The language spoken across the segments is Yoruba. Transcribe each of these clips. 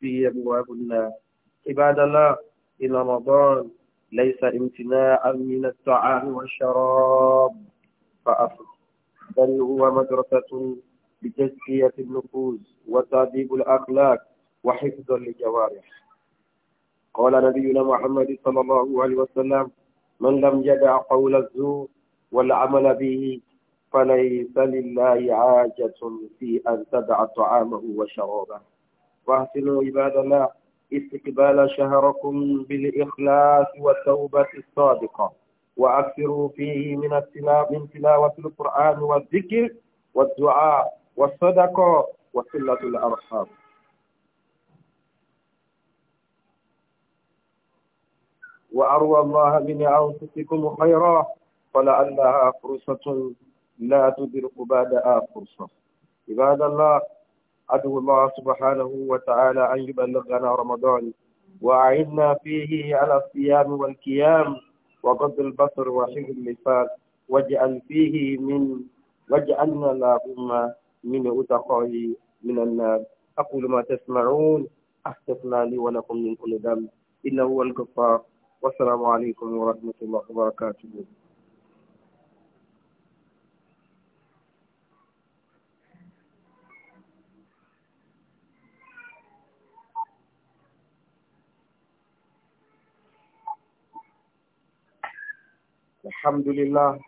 فيه أبواب الله عباد الله إن رمضان ليس امتناعا من الطعام والشراب فأصل بل هو مدرسة لتزكية النفوس وتأديب الأخلاق وحفظا للجوارح قال نبينا محمد صلى الله عليه وسلم من لم يدع قول الزور والعمل به فليس لله عاجة في أن تدع طعامه وشرابه واهتنوا عباد الله استقبال شهركم بالإخلاص والتوبة الصادقة وأكثروا فيه من من تلاوة القرآن والذكر والدعاء والصدقة وصلة الأرحام وأروى الله من أنفسكم خيرا فلعلها فرصة لا تدرك بعدها فرصة عباد الله أدعو الله سبحانه وتعالى أن يبلغنا رمضان وأعدنا فيه على الصيام والقيام وغض البصر وحفظ اللسان واجعل فيه من واجعلنا اللهم من أتقائي من النار أقول ما تسمعون أحسن لي ولكم من كل ذنب إنه هو الغفار والسلام عليكم ورحمة الله وبركاته الحمد لله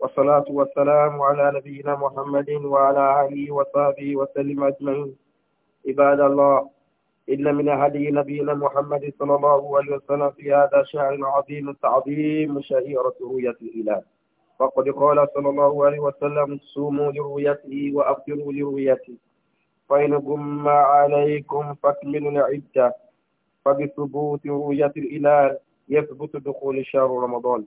والصلاة والسلام على نبينا محمد وعلى آله وصحبه وسلم أجمعين عباد الله إن من هدي نبينا محمد صلى الله عليه وسلم في هذا شعر عظيم تعظيم شهيرة رؤية الإله فقد قال صلى الله عليه وسلم صوموا لرؤيته وأفطروا لرؤيته فإن غم عليكم فاكملوا العدة فبثبوت رؤية الإله يثبت دخول شهر رمضان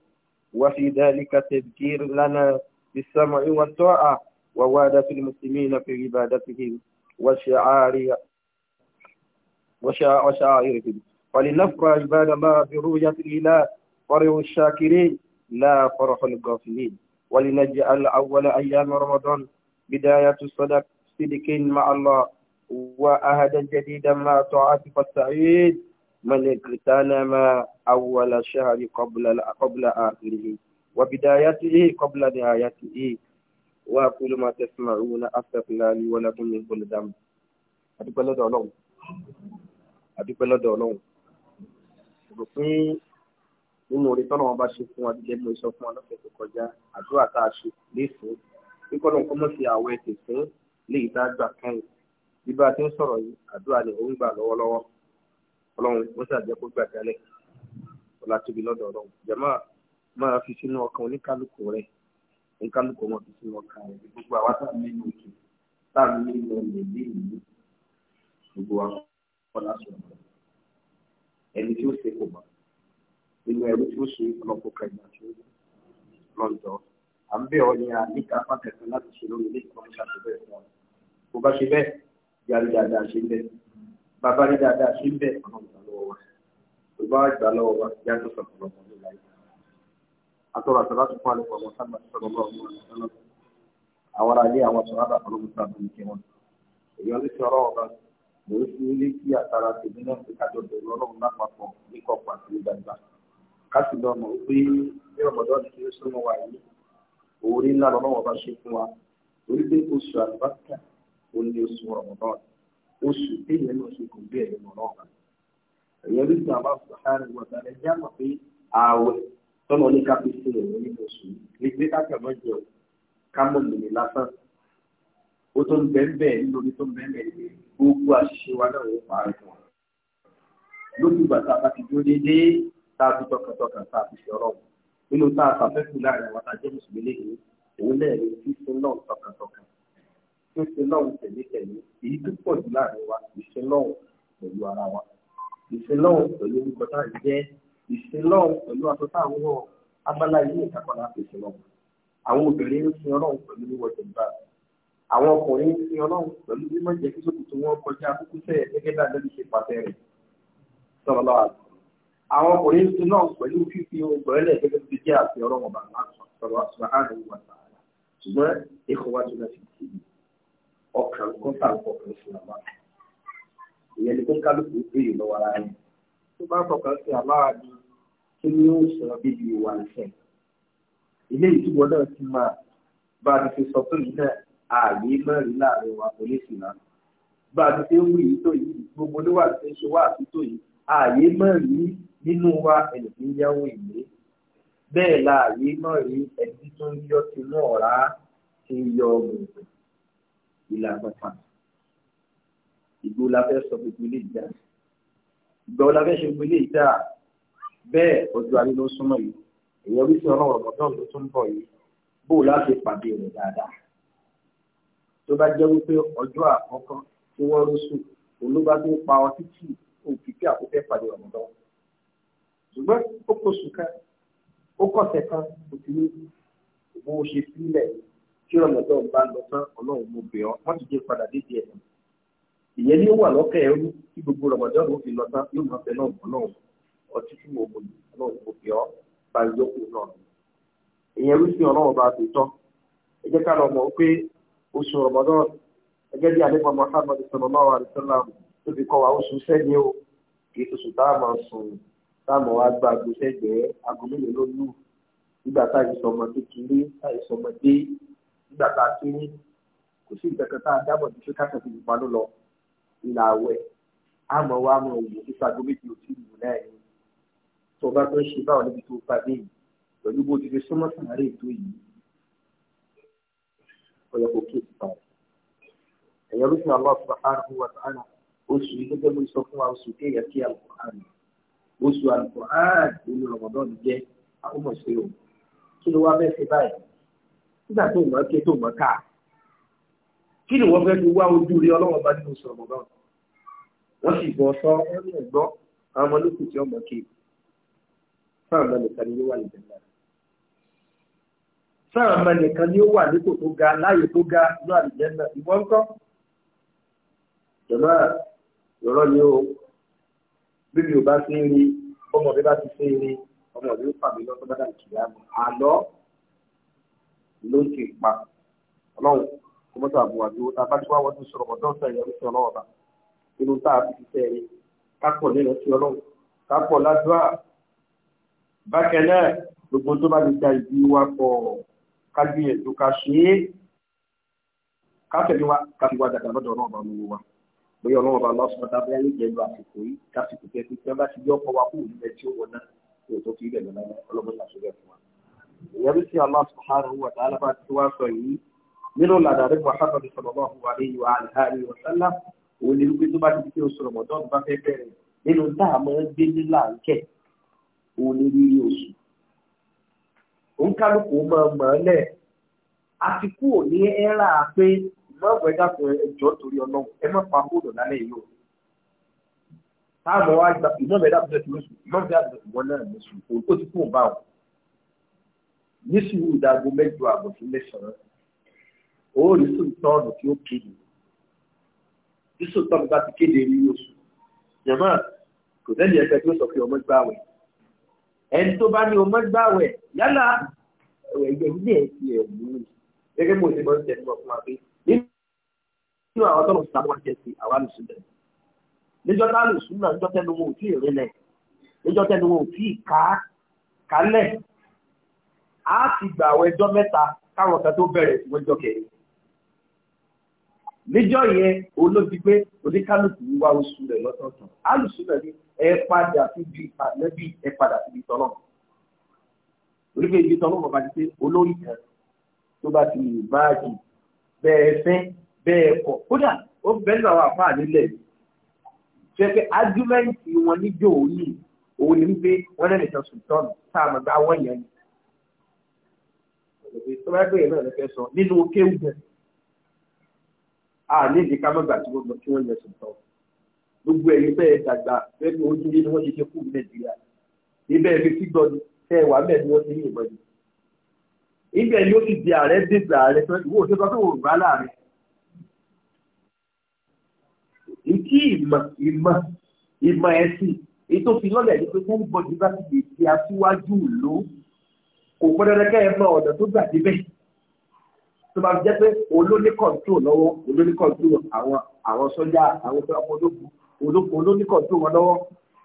وفي ذلك تذكير لنا بالسمع والطاعة ووادة المسلمين في عبادتهم وشعار وشعائرهم ولنفرح عباد الله برؤية الإله فرح الشاكرين لا فرح الغافلين ولنجعل أول أيام رمضان بداية صدق صدق مع الله وأهدا جديدا مع طاعة فالسعيد من اغتنم أول شهر قبل قبل آخره وبدايته قبل نهايته وأقول ما تسمعون أستغفر لي ولكم من كل ذنب أدúpẹ́ lọ́dọ̀ Ọlọ́run أدúpẹ́ lọ́dọ̀ Ọlọ́run rò pé nínú orí tọ́lọ́wọ́n bá ṣe fún wa gẹ́gẹ́ bí mo sọ fún wa lọ́sẹ̀ tó kọjá àdúrà tá a ṣe léṣe kíkọ́ lóun kọ́ mọ̀ àwọ̀ ẹ̀sìn fún léyìí tá gbà kẹ́yìn bí bá a ti ń sọ̀rọ̀ yìí àdúrà ni òun gbà lọ́wọ́lọ́wọ́ ọlọ́run wọ́n ṣàjẹ́ kó gbà jálẹ̀ ọlá tóbi lọ́dọ̀ ọlọ́run jẹ̀mọ́ máa fi sínú ọkàn oníkálukú rẹ̀ oníkálukú wọn fi sínú ọkàn rẹ̀ gbogbo àwa tá a nínú òkè tá a nínú ọ̀lẹ̀ ní ìlú gbogbo àwọn ọlá sọ̀rọ̀ ẹni tí ó ṣe kò mọ̀ nínú ẹrú tí ó ṣe ọlọ́pọ̀ kẹgbà tí ó lọ́jọ́ à ń bẹ̀ ọ́ ní àníkà pàtẹ́kùn láti ṣe lórí ilé ìkọ́ni ṣàtúbẹ̀ fún ọ bó bá ṣe bẹ́ẹ̀ yàrá dáadáa ṣe bẹ́ẹ̀ bàbá rí dáadáa ṣe ń bẹ̀ ọ̀nà ìgbà lọ́wọ́ wa tó bá ìgbà lọ́wọ́ wa yá tó sọ̀tọ̀ lọ́wọ́ ní ìlà ìgbà. àtọ́rọ̀ àtọ́rọ̀ tó fún àlùkò àwọn sábà sọ̀rọ̀ lọ́wọ́ àwọn ọ̀nà àwọn ará ilé àwọn sọ̀rọ̀ àbá ọlọ́run tó àbúrò kí wọn. èèyàn lè sọ̀rọ̀ ọ̀rọ̀ mò ń fi ilé kí àtàrà tèmi náà fi kájọ bẹ̀rù ọlọ́run lápapọ̀ ní kọ̀ọ̀pọ̀ àti gbangba. ká sì lọ mọ̀ pé bí ti ń súnmọ́ wa yìí òun ní ńlá lọ́wọ́ bá ṣe fún wa orí pé oṣù àlùbáṣà òun ni oṣù ọ̀rọ̀ oṣù téèyàn náà ṣe kò gbé ẹ̀yìn lọ́wọ́ kan. ẹ̀yẹ bí sọ àbá sọ sáré wọ̀tá ẹ̀ já mọ̀ pé ààwẹ̀ tọ́nà ní káfí sí ẹ̀yìn nínú oṣù ní gbé káfíà mọ́ jẹun ká mọ̀ lòlẹ̀ lásán. ó tó ń bẹ́ẹ̀ lórí tó ń bẹ́ẹ̀ gbogbo àṣìṣe wa náà wọ́n parí fún wa. lójú ìgbà tá a bá ti dúró déédéé tá a fi tọkàntọkàn tá a fi ṣe ọ̀rọ̀ nínú tá a sàfẹ́kù láàrin àwọn tá a jẹ́ mùsùlùmí tó ṣe lọ́hùn tẹ̀létẹ̀lé èyí tó pọ̀ jù láàrin wa ìṣe lọ́hùn pẹ̀lú ara wa ìṣe lọ́hùn pẹ̀lú orúkọ tá à ń jẹ́ ìṣe lọ́hùn pẹ̀lú aṣọ tá à ń wọ̀ abala yìí nìkan kan láti ṣe lọ́hùn àwọn obìnrin ń sin ọlọ́run pẹ̀lú wíwọ̀ jẹ̀mbá àwọn ọkùnrin ń sin ọlọ́run pẹ̀lú mímọ́ jẹ́ kí sókùtù wọn kọjá kúkúsẹ̀ gẹ́gẹ́ dáadáa ṣe pàtẹ rẹ̀ sọ̀rọ̀ àwọn ọkùnrin ń sin ọlọ́run pẹ̀lú fífi ọgbọ̀rẹ́lẹ̀ gẹ́gẹ́ bí jẹ́ àti ọlọ́run ọba sọ̀rọ̀ àṣùwà àrùn wà sàárà ṣùgbọ́n èkó wájú náà ti tì í ọkàn kọ́ńtà kọ̀ọ̀kan sí àmà ìyẹn ni pé kálukú béèrè lọ́wọ́ ara rẹ̀ tó bá kọ̀ọ̀kan sí àmà ni kí ni ó sọ bíbi ìwà ìfẹ́ ilé ìtúbọ̀ náà ti máa bá a ti fi sọ fún mi náà ààyè mẹ́rin láàrin wa kò lè sìnà bá a ti fi ń wí yìí tó yìí gbogbo níwà tí ń ṣe wá àti tó yìí ààyè mẹ́rin nínú wa ẹnì tí ń yáwó ìlé bẹ́ẹ̀ la ààyè mẹ́rin ẹni ìlà àgbàpá ìgbó la fẹ́ sọ gbogbo ilé ìjà ìgbà wo la fẹ́ ṣe gbogbo ilé ìjà bẹ́ẹ̀ ọjọ́ alẹ́ ló súnmọ́ yìí èyí orí sí ọlọ́run ọ̀gbọ́n tó tún bọ̀ yìí bó o láti pàdé rẹ̀ dáadáa tó bá jẹ́ wípé ọjọ́ àkọ́kọ́ tí wọ́n rú sùn olóbá tó pa ọ títí òkìkí àkókò pàdé ọ̀gbọ́n lọ́wọ́ ṣùgbọ́n ó kó sùn kan ó kọ̀ọ̀sẹ̀ kan kò sí ṣe sílẹ̀ yìí tí ọlọ́dọ̀ bá lọ tán ọlọ́run mo bẹ̀ ọ́ má ti dé padà dédé ẹ̀ ìyẹn ni ó wà lọ́kẹ́ ẹrú tí gbogbo rọ̀mọ̀dọ́ ló fi lọ tán yóò máa fẹ́ náà bọ̀ náà ọtí tí mo bọ̀ ọlọ́run mo bẹ̀ ọ́ bá yọkù náà ìyẹn rú sí ọlọ́run bá ti tọ́ ẹ jẹ́ ká lọ mọ̀ pé oṣù rọ̀mọ̀dọ́ ẹgẹ́ bí alẹ́ pàmò Muhammad sallallahu alaihi wasallam tó fi kọ́ wa oṣù sẹ́ni o kì í oṣù táàmù sùn táàmù wa gba àgbo sẹ́gbẹ̀ẹ́ àgọ́ mélòó ló lù nígbà táyì sọmọ kékeré táyì sọmọdé nígbà tá a ti ní kò sí ìkẹ̀kẹ̀ tá a dábọ̀ ní ṣókàtà tó gbà ló lọ ìlà àwẹ̀ àmọ́ wa mọ̀ òwò nípa agbó méjì òtí ìlú náà ni tó bá tó ń ṣe báwọn níbi tó bá dé yìí pẹ̀lú bó ti fi súnmọ́ sàárè tó yìí ọ̀yọ́kọ̀ kí èsì pa ẹ̀yọ́ lóṣù Allah subhanahu wa ta'ala oṣù yìí gẹ́gẹ́ bó sọ fún wa oṣù kéèyàn kí Al-Qur'an oṣù Al-Qur'an nínú Ramadan jẹ́ o kí ló wá nígbà tó mọ̀ ké tó mọ̀ ká kí ni wọ́n fẹ́ fi wá ojú rí ọlọ́wọ́n bá nínú sọ̀rọ̀ náà wọ́n sì bọ̀ sọ ẹni ẹ̀gbọ́ àwọn ọmọ lókù tí ọmọ ké sáà mọ nìkan ni ó wà níbẹ̀ náà sáà mọ nìkan ni ó wà nípò tó ga láàyè tó ga ní àlùjẹ́ náà ìwọ́n kọ́ jọ̀mọ́ ìrọ̀ ni ó bíbí ò bá ṣe é rí ọmọ mi bá ti ṣe é rí ọmọ mi ó fà mí lọ́sọ́ bá dà ló ń ṣe ìpa ọlọ́run kò mọ́tò àbúrò àti owó tá a bá ti wá wọ́n ti sọ̀rọ̀ ọ̀dọ́ ọ̀sẹ̀ ìyọrí sí ọlọ́run ọba inú tá a fi ṣiṣẹ́ rí kápọ̀ nínú sí ọlọ́run kápọ̀ ládùúrà bákẹ́ náà gbogbo tó bá lè da ìdí wa pọ̀ ká gbìyànjú ká ṣe é ká tẹ̀lé wa ká fi wá dàgbà lọ́dọ̀ ọlọ́run ọba olówó wa bóyá ọlọ́run ọba lọ́sọ̀ ọ̀dà bóyá ní ìjẹ́lu àsìkò yìí ká sì kò tẹ́ pé tí wọ́n bá ti jọ́ ọkọ̀ wa kúrò nílẹ̀ tí ó wọ náà kó tó fi ilẹ̀ lọ́nà ọlọ́run ṣàṣeyẹ fún wa ìyẹn tí Allah subhanahu wa ta'ala bá ti wá sọ yìí nínú ìlànà rẹ̀ Muhammad sallallahu alayhi wa alihi wa sallam òun ni wípé tó bá ti pé oṣù Ramadan bá fẹ́ bẹ̀rẹ̀ nínú tá a máa ń gbé nílà ń kẹ̀ òun ni rírí oṣù. òun kálukú máa mọ̀ ọ́ lẹ̀ àti kú ò ní ẹ́rà pé ìmọ̀ọ́gbẹ́ dàpọ̀ ẹjọ́ torí ọlọ́run ẹ má pa kóòdù lálẹ́ yìí o. táàmù wa gba ìmọ̀ọ́gbẹ́ dàpọ̀ ẹ̀ ti lóṣù ìmọ̀ọ́gbẹ́ dàpọ̀ ẹ̀ ti wọ́n náà lóṣù ní sùúrù dáago mẹ́jọ àbọ̀ sí mẹ́sàn-án ó rí sùúrùtọ́ ọ̀nà tí ó kéde bí sùúrùtọ́ mi bá ti kéde rí oṣù yàmá kò tẹ́lì ẹgbẹ́ tó sọ pé ọmọ gbàwẹ̀ ẹni tó bá ní ọmọ gbàwẹ̀ yálà ẹgbẹ́ ilé ẹ̀ ti ẹ̀ mú un gẹ́gẹ́ bí mo ti mọ̀ ń tẹnu ọkùnrin àbí nínú àwọn tó ń sàmọ́ àti ẹ̀sìn àwa lùsùn lẹ̀ níjọ́ tá lùsùn náà níjọ́ tẹnu wọn ò tí ì rinlẹ̀ níjọ́ tẹnu wọn ò tí ì ká kálẹ̀ a ti gbà àwọn ẹjọ́ mẹ́ta káwọn kan tó bẹ̀rẹ̀ wọ́jọ́ kẹrin níjọ́ yẹn olóbi pé oníkálùkù wíwá oṣù rẹ̀ lọ́tọ̀ọ̀tàn alùsù rẹ̀ ní ẹ padà síbi àlẹ́bí ẹ padà síbi tọ́lọ̀ orílẹ̀ èdè tọ́lọ̀ bàbá ti pé olórí kan tó bá ti lè báàgì bẹ́ẹ̀ fẹ́ bẹ́ẹ̀ kọ̀ kódà ó bẹ́ẹ̀ lọ́wọ́ àfáà nílẹ̀ yìí jẹ́pẹ́ ájúmẹ́ǹtì wọn níjọ́ òní òun ni wípé wọ́n lẹ́nìkan sùn tọ́nù táàmù gbá wọ́n yẹn ni pé tó bá gbé yẹn náà lè fẹ́ sọ nínú kéwù gan a ní ìdí ká mọ́gbà tí wọ́n gbọ́ kí wọ́n yẹ sọ̀tọ̀ gbogbo ẹ̀yin bẹ́ẹ̀ dàgbà bẹ́ẹ̀ ni ojú yìí ni wọ́n ti ṣe kú nàìjíríà ibẹ̀ fi tí gbọ́ ni ẹ wà mẹ́ẹ̀ ni wọ́n ti yìnbọn ni ibẹ̀ yóò ti di ààrẹ dèbè ààrẹ tó ìwọ òṣèlú tó wò bá láàrin ìkí ìmọ̀ ìmọ̀ ìmọ̀ ẹ̀sìn ètò ìfilọ́lẹ̀ yìí pé kó ń gbọ́dọ̀ bá ti lè di kò pẹ́ dẹ́dẹ́kẹ́ ẹ mọ ọ̀dọ̀ tó gbà débẹ̀ tó máa jẹ́ pé olóní kọ̀ǹtò lọ́wọ́ olóní kọ̀ǹtò àwọn àwọn sọ́jà àwọn tó ọmọ ológun ológun olóní kọ̀ǹtò wọn lọ́wọ́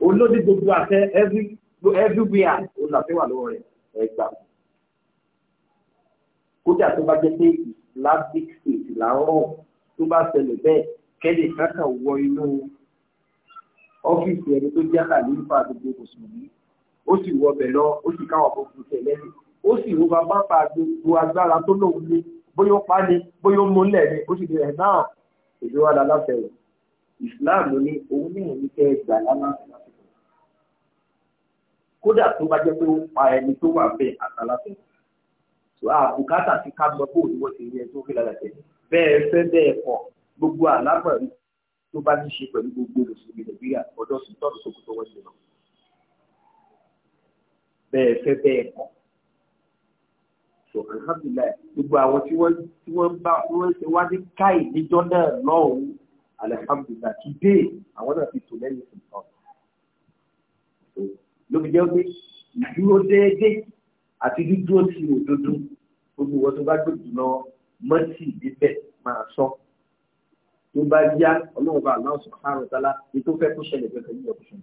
olóní gbogbo àfẹ́ everywhere olùlàfẹ́ wà lọ́wọ́ rẹ̀ ẹgbà kódà tó bá jẹ́ pé islamic state làárọ̀ tó bá ṣẹlẹ̀ bẹ́ẹ̀ kẹ́lẹ̀ kákà wọ inú ọ́fíìsì ẹni tó jẹ́ àlè nípa mùsùlùmí ó sì wọ ọbẹ̀ lọ ó sì káwọn ọkùnrin tẹ̀ lẹ́yìn ó sì wo bàbá pa gbogbo agbára tó lòun ní bóyá ó pa ni bóyá ó múlẹ̀ ni ó sì di ẹ̀ náà èdè wa la láfẹ́ rẹ̀ Islam ní òun ní ìrìn kẹ́ gbà lálàáfẹ́ lásìkò kódà tó bá jẹ́ pé ó pa ẹni tó wà bẹ́ẹ̀ àtàlàfẹ́ àbùkátà ti ká gbọ́ bóòlù wọ́n ti rí ẹ tó fi lálàfẹ́ bẹ́ẹ̀ fẹ́ bẹ́ẹ̀ kọ̀ gbogbo àlámọ̀rí tó bá ní ṣe pẹ̀lú gbogbo mùsùlùmí Nàìjíríà ọ̀dọ́ sùn tọ́lù sókòtò wọn ti lọ bẹ́ẹ̀ fẹ́ bẹ́ẹ̀ kọ̀ so alhamdulilayi gbogbo àwọn tí wọ́n tí wọ́n bá wọ́n ṣe wá ní káì níjọ́ náà lọ́hùn alhamdulilayi kì í dé àwọn náà ti tò lẹ́yìn fún ọ lóbi jẹ́ pé ìdúró déédéé àti dídúró ti òdodo gbogbo wọn tó bá gbèdú lọ mọ́tì níbẹ̀ máa sọ tó bá yá ọlọ́run bá aláwọ̀ sọ̀rọ̀ àrùn tálá ètò fẹ́ kó ṣẹlẹ̀ fẹ́ fẹ́ yí ọkùnrin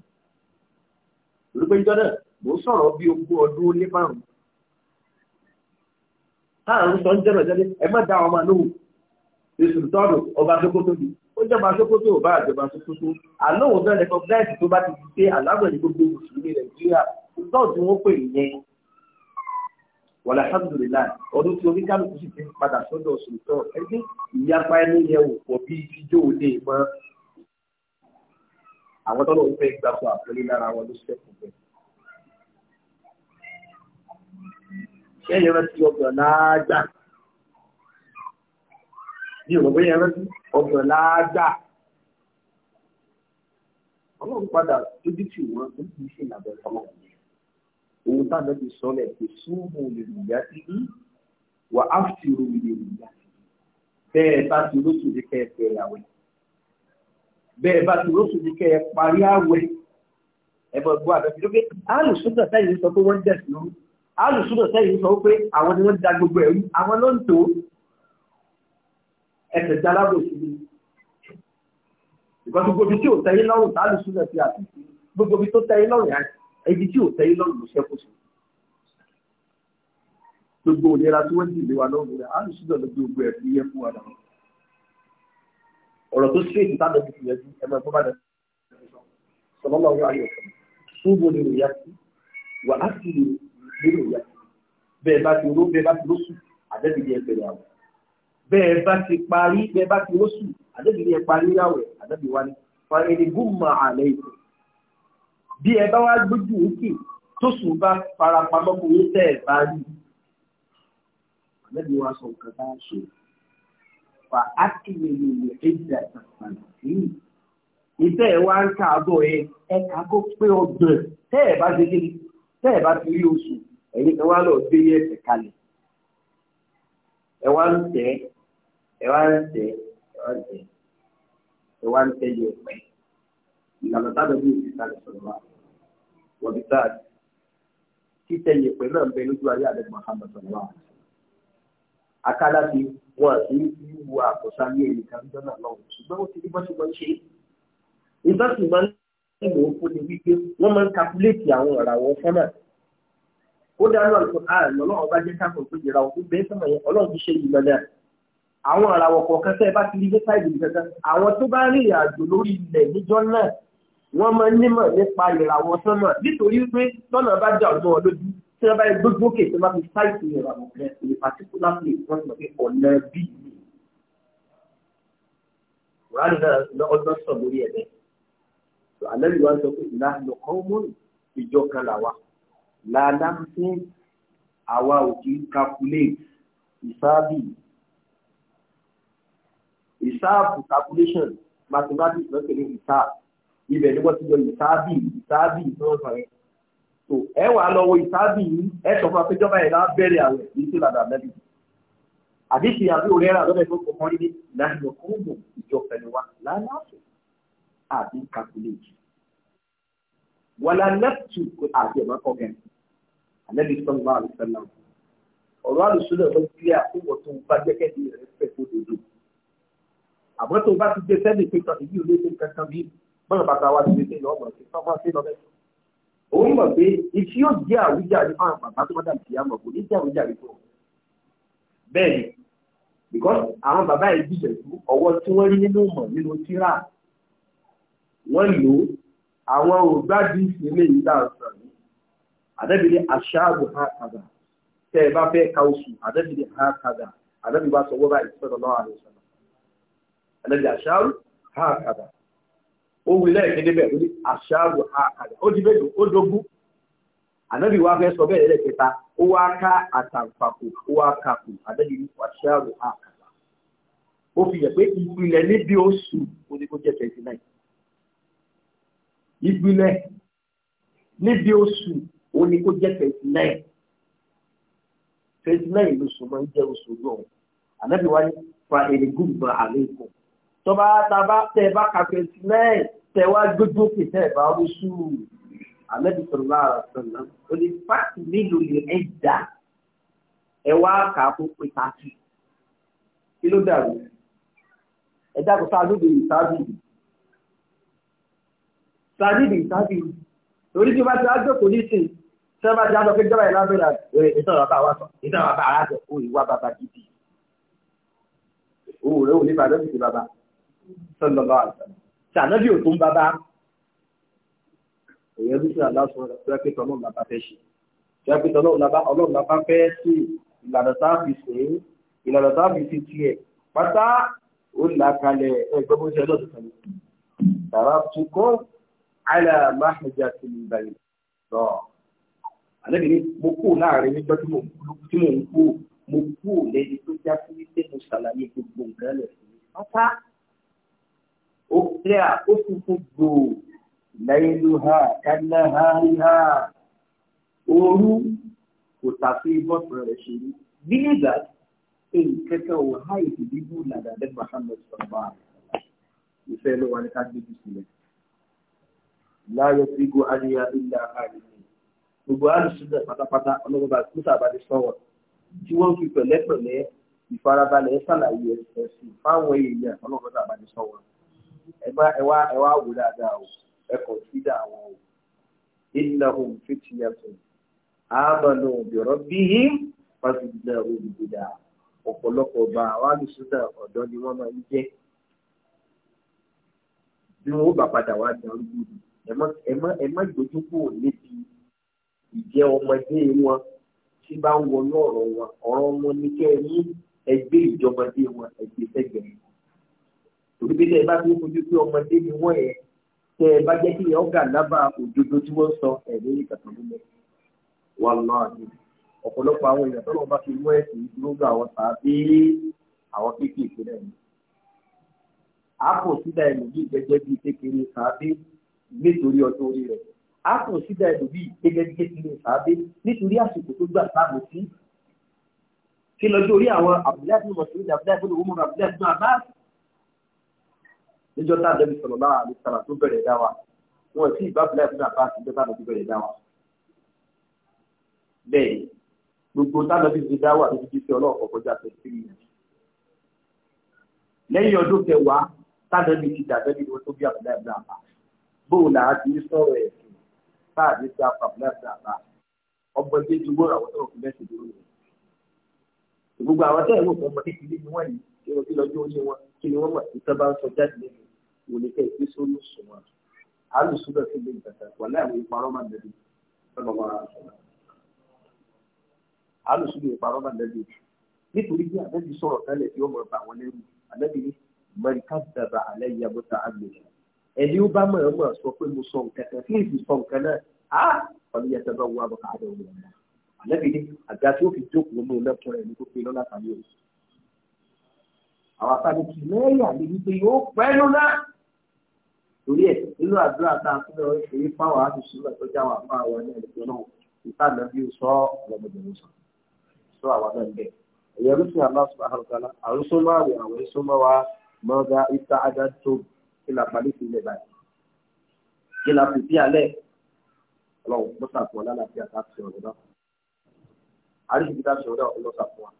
torí pé jọ́nà mò ń sọ̀rọ̀ bí ogún ọdún ó lé márùn-ún táàrùn sọ ń jẹ́rọ̀ jẹ́lé ẹ má dá ọmọ lóhùn èsù tọ́nù ọba sókótó ni ó jọba sókótó ọba àjọba sókótó àlóhùn náà lẹ́kọ̀ọ́ gáàsì tó bá ti di pé àlágbẹ̀ni gbogbo mùsùlùmí nàìjíríà tó tí wọ́n pè yẹn wàlá alhamdulillah ọdún tí oníkálukú sì ti padà sọ́dọ̀ sùn tán ẹgbẹ́ ìyapa ẹni yẹn ò pọ̀ bíi jíjó òde mọ́ àwọn tọ́lọ̀ ń fẹ́ gbapò àpẹẹrẹ lára wọn ló ṣẹ́kù bẹ́ẹ̀. ṣé ẹ̀yẹ rántí ọgbọ̀n láàgbà bí ọ̀rọ̀ bóyá rántí ọgbọ̀n láàgbà ọlọ́run padà dójú tì wọ́n ó kì í ṣe ìlànà ọlọ́run òun táwọn ti sọ lẹ̀ pé súnmù lè lù yá sí i wà á fi ro lè lù yá sí i bẹ́ẹ̀ bá ti lóṣù ní kẹ́ẹ̀fẹ́ rẹ̀ àwẹ̀ bẹ́ẹ̀ bá ti lóṣù ní kẹ́ ẹ parí àwẹ̀ ẹ̀bọ̀ gbọ́ àbẹ̀fẹ́ ló pé alùsùnà sẹ́yìn sọ pé wọ́n ń dẹ̀sùn lórí alùsùnà sẹ́yìn sọ pé àwọn ni wọ́n da gbogbo ẹ̀rú àwọn ló ń tó ẹsẹ̀ jalábò sí ni ìgbà gbogbo ibi tí ò tẹ́yìn lọ́rùn tá alùsùnà ti àtúntì gbogbo ibi tó tẹ́yìn lọ́rùn yẹn ibi tí ò tẹ́yìn lọ́rùn ló ṣẹ́kù sí gbogbo òlera tí wọ́n dì ọ̀rọ̀ tó straight bá lọ sí ìyẹn ẹ máa bọ́ bá lọ sọlọ́lá ọ̀rọ̀ ayọ̀ ṣùgbọ́ ni rò yá sí wà á sì lè lè rò yá sí bẹ́ẹ̀ bá ti ró bẹ́ẹ̀ bá ti ró sùn àdẹ́bìdì ẹ bẹ̀rẹ̀ àwẹ̀ bẹ́ẹ̀ bá ti parí bẹ́ẹ̀ bá ti ró sùn àdẹ́bìdì bí ẹ bá wá gbójú òkè tó sùn bá farapamọ́ kò ní tẹ̀ bá rí àdẹ́bì wa sọ nǹkan bá ṣe fa ákìlélò lè éjì àtàkùnà sí i. ìtẹ́ ẹ̀ wá ń káàbọ̀ ẹ ẹ̀ka kó pé ọgbọ̀n tẹ́ ẹ̀ bá ti rí tẹ́ ẹ̀ bá ti rí oṣù ẹ̀yin ẹ̀ wá lọ gbé yẹ ẹ̀fẹ̀ kalẹ̀ ẹ̀ wá ń tẹ́ ẹ̀ wá ń tẹ́ ẹ̀ ń tẹ́ ẹ̀ ń tẹ́ yẹ pẹ́ ìlànà tábà bí òsì sálẹ̀ sọ̀rọ̀ wa wọ́n ti sáà títẹ̀ yẹ pẹ́ náà bẹ lójú ayé àdẹ́gbọ̀n àbàtàn wa akálá ti wọn àti wíwu àkọsá ní ẹnìkan dọ́là lọ́wọ́ ṣùgbọ́n ó ti rí bọ́sí wọn ṣe é. ìbáṣe máa ń lò ó fún mi wípé wọ́n máa ń kakuléètì àwọn ìràwọ̀ fọ́nà. ó dáná àlùkò àrùn ọlọ́run bá jẹ́ káàkiri pé ìràwọ̀ tó bẹ́ẹ̀ sọ̀rọ̀ yẹn ọlọ́run ti ṣe ìmọ̀ náà. àwọn ìràwọ̀ kọ̀ọ̀kan tẹ́ ẹ bá ti rí dé sáìdì kankan àwọn tó bá rìn àjò lórí ilẹ̀ níjọ́ náà wọ́n máa ń nímọ̀ nípa ìràwọ̀ sọ́nà nítorí pé tọ́nà bá jà ọ̀dọ́ ọlójú tí wọ́n bá yẹ gbogbo òkè tí wọ́n bá fi sáìtì yẹn wà lọ́wọ́ rẹ̀ èyí particular place wọ́n ti mọ̀ pé ọ̀nà bí mi. Kùránì náà ọdún sọ lórí ẹ̀ bẹ́ẹ̀. Àlẹ́ mi wá sọ pé ìlànà kan mú ìjọ kan làwà. Làlá fún àwa ò calculate ìsáàbì. Ìsáàbù calculation mathematics lọ́kẹ̀lé ìsáàbù. Ibẹ̀ ni wọ́n ti yọ ìsáàbì ìsáàbì ìsọ́sọ̀ yẹn so ẹ wà lọ wo ìsáàbì yìí ẹ sọ fún apẹjọba yẹn náà bẹ̀rẹ̀ àwẹ̀ kì í ṣe làdà lẹ́bi àdìsí àbí òrẹ́rà lọ́dẹ̀ tó kọ́ mọ́rí ní ìlànà kóńgò ìjọ pẹ̀lú wa lálàáfẹ́ àbí kàkúlẹ̀jì wàlá nẹ́pùtù àti ẹ̀mọ́ kọ́gẹ̀ àlẹ́bí sọ́nùmá àlùfẹ́lá ọ̀rọ̀ àlùsílẹ̀ ló kílẹ̀ àkókò tó bá jẹ́kẹ̀dì rẹ̀ fẹ́ kó dodo àmọ́ tó bá ti gbé sẹ́ni pé tọ́ ìbí olóṣèlú kankan bí bọ́lá bàtà wa ti gbé sẹ́ni òun mọ̀ pé iṣẹ́ yóò jẹ́ àwíjàre fún àwọn bàbá tó bá dàbí ìyá mọ̀ kò ní jẹ́ àwíjàre fún wọn. bẹ́ẹ̀ ni because àwọn bàbá yìí jìjẹ̀ sí ọwọ́ tí wọ́n rí nínú mọ̀ nínú tíra wọ́n lò ó àwọn ògbádìí ìsinmi yìí dà sàn ní àdẹ́bìnrin aṣáájú ha kàdà tẹ́ ẹ bá fẹ́ ka oṣù àdẹ́bìnrin ha kàdà àdẹ́bìnrin bá sọ wọ́n báyìí sọ́dọ̀ lọ́wọ́ àdẹ́bìnrin aṣáájú ha kàdà ó wí lẹ́ẹ̀kẹ́dẹ́ bẹ́ẹ̀ lórí àṣàrò àkàdà ó di bẹ́ẹ̀ ó dogún ànábì wa fẹ́ sọ bẹ́ẹ̀ lẹ́ẹ̀kẹta ó wá ká àtàǹpàkò ó wá kàkò ànábì ní àṣàrò àkàdà ó fi yẹ pé ìpìlẹ̀ níbi oṣù ó ní kó jẹ́ twenty nine ìpìlẹ̀ níbi oṣù ó ní kó jẹ́ twenty nine twenty nine lóṣù máa ń jẹ́ oṣù náà ànábì wa fa èrè gùn bá àlékún tọ́ba tẹ bá ka twenty nine tẹwa gbogbo kìtẹ́ ẹ̀bá wí sùúrù àmẹ́bí sọ̀rọ̀ lára sọ̀rọ̀ o ní fáàtì mélòó lè ẹ̀ dà ẹ wá kà á kó pé tààtì kí ló dàrú ẹ dàgbọ́ sáà ló bèrè sáàbì sáàbì bèrè sáàbì torí tí o bá ti ájọ kò ní sìn sẹ́wọ́n bá ti ájọ pé jọba ìlànà bẹ̀rẹ̀ ẹ̀ ẹ̀ sọ̀rọ̀ bá wa sọ ẹ̀ sọ̀rọ̀ bá ara sọ o ìwà bàbá gidi òwúrẹ́ òní bàbá òní bàbá sọ̀rọ̀ bá wa sọ̀rọ̀ tànàbí ò tó ń bàbá èyẹ bí sí aláṣọ rẹ tó yẹ pé tọ́lọ́ làbá fẹ́ ṣe tó yẹ pé tọ́lọ́ làbá ọlọ́run làbá fẹ́ sí ìlànà tá a fi ṣe é ìlànà tá a fi ṣe tiẹ̀ pátá ó là kalẹ̀ ẹgbẹ́ bó ṣe lọ́dún kan tàrà tukọ́ àlà máhàjà ti lè bàyìí lọ. àlẹ́ mi mo kú láàrin nígbà tí mo kú mo kú lẹ́ni tó já sí wípé mo gbogbo nǹkan lẹ̀ fún mi pátá ó kílẹ̀ ó funfun gbòò layluha ha, òru kò tàbí bọ́sùn rẹ̀ ṣe rí bí ìgbà nkẹ́kẹ́ ò há ìdìbò làdà lẹ́nu Muhammad sọ̀rọ̀ ìfẹ́ ló wà ní ká gbé sílẹ̀ láyọ̀ sí go àríyá ilẹ̀ àárín gbogbo àlùsílẹ̀ pátápátá ọlọ́gbọ́n bá kúta àbálẹ̀ sọ̀rọ̀ tí wọ́n fi pẹ̀lẹ́pẹ̀lẹ́ ìfarabalẹ̀ ṣàlàyé ẹ̀sìn fáwọn èèyàn ọlọ́gbọ́n bá àbálẹ̀ sọ̀rọ̀ ẹ̀wá ẹ̀wá ẹ̀wá wò dáadáa o ẹ̀kọ́ sídà àwọn o innahum fityatun amanu bi rabbihim fazidnahum huda ọ̀pọ̀lọpọ̀ ọba àwọn àlùsùnà ọ̀dọ́ ni wọ́n máa ń jẹ́ bí wọ́n bá padà wá darí lórí ẹ má gbójú kúrò níbi ìjẹ́ ọmọdé wọn tí bá ń wọnú ọ̀rọ̀ wọn ọ̀rọ̀ wọn ní kẹ́ ẹ ìjọba dé wọn ẹgbẹ́ sẹ́gbẹ̀ẹ́ torí bí ẹ bá fi fojú pé ọmọdé ni wọ́n yẹ tẹ ẹ bá jẹ́ kí ẹ ọ̀gá lábàá òdodo tí wọ́n sọ ẹ̀mí ní kàtó nílẹ̀ wà láàyè ọ̀pọ̀lọpọ̀ àwọn èèyàn tó lọ́wọ́ bá fi wọ́n ẹ̀sìn dúró gba àwọn tàbí àwọn kéékèèké náà ni. àpò sídà ẹlòmíì gẹ́gẹ́ bíi kékeré tàbí nítorí ọjọ́ orí rẹ̀ àpò sídà ẹlòmíì gẹ́gẹ́ bíi kékeré tàbí nítorí àsìkò tó gbà sáàmù sí. kí lọ́jọ́ orí àwọn àbúlé àti mọ̀sílẹ̀ àbúlé àti mọ̀sílẹ̀ níjọ́ tá àdébí sọ̀rọ̀ lára àbí sàrà tó bẹ̀rẹ̀ dá wa wọn ò tí ì bá fúláì fún àbá àti ìjọba àbí bẹ̀rẹ̀ dá wa. bẹ́ẹ̀ gbogbo tábìlì ti dá wà níbi títí ọlọ́ọ̀kọ́ kọjá tẹ̀sí lẹ́yìn ọdún kẹwàá tábìlì ti dàbẹ́bí wọn tó bí àbúlá ìbúlá àbá bóun là á ti sọ̀rọ̀ ẹ̀sìn táàbí sí àbúlá ìbúlá àbá ọgbọ́n tí ju wọ́n àwọn tó fi mẹ́sì dúró rẹ̀ ọmọ kékeré ni wọ́n yìí kí wọ́n fi lọ́jọ́ orí wọn kí mo ní kẹ́ ẹ gbé sórí òṣùwọ̀n alùsùn náà ti lè gbàgbà wà láàrin ìparọ́ máa dẹ̀bi ọ̀nà wọn alùsùn lè parọ́ máa dẹ̀bi nítorí bí àdẹ́bí sọ̀rọ̀ tẹ́lẹ̀ tí ó mọ̀ bá wọn lẹ́rù àdẹ́bí ní mọ̀ríkà dàbà alẹ́ yẹ mọ́ta àgbẹ̀ ẹni ó bá mọ̀ ẹ́ mọ̀ sọ pé mo sọ nǹkan kan kí sọ nǹkan náà á ọ̀nà yẹn tẹ́lẹ̀ wọ́n abọ́ káàdé òun ọ̀nà àdẹ́bí ní àga tí ó fi jókòó mú un lẹ́kùn rẹ̀ ní kó pe lọ́lá tàbí òun àwọn àtàlùkì lẹ́yà níbi pé yóò pẹ́ lọ́lá torí ẹ̀ nínú àdúrà tá a fún lọ èyí fáwọn àdùsùnlẹ̀ tó já wà fún àwọn ẹni ẹ̀dùn náà ìtàlẹ́ bí ó sọ ọ̀gbọ̀gbọ̀gbọ̀ sọ sọ àwọn náà bẹ́ẹ̀ ẹ̀yẹ ló sì àlọ́ sọ àwọn ọ̀gá náà àwọn sọmọ àwẹ̀ àwọn sọmọ wa mọ́gá ìta ajá tó kí la palí sí ilẹ̀ báyìí kí la fi bí alẹ́ ọlọ́run mo sàkóso lálàáfíà tá a fi ọ̀rọ̀ náà àríṣìí tá a fi ọ̀rọ̀ náà ọlọ́sàkó wa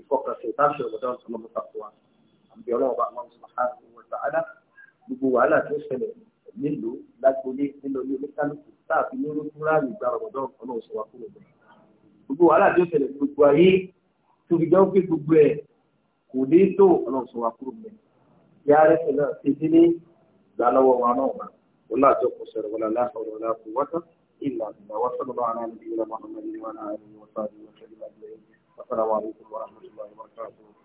ìfọkànsìn tá a fi ọ̀rọ̀ náà ọlọ́sàkó wa àbí ọlọ́run bá wọn sọ gbogbo wàhálà tó ṣẹlẹ̀ nílùú lágbóyé nílọlé oníkálukú táàfin ní olókùn ráàlì gba ọ̀dọ́ ọ̀nà òṣèlú àkúrò bọ̀. gbogbo wàhálà tó ṣẹlẹ̀ gbogbo ayé tó fi jẹun pé gbogbo ẹ̀ kò ní tó ọ̀nà òṣèlú àkúrò bọ̀. yá rẹsẹ̀ náà ti dín ní gbà lọ́wọ́ wa náà wà ó láàjọ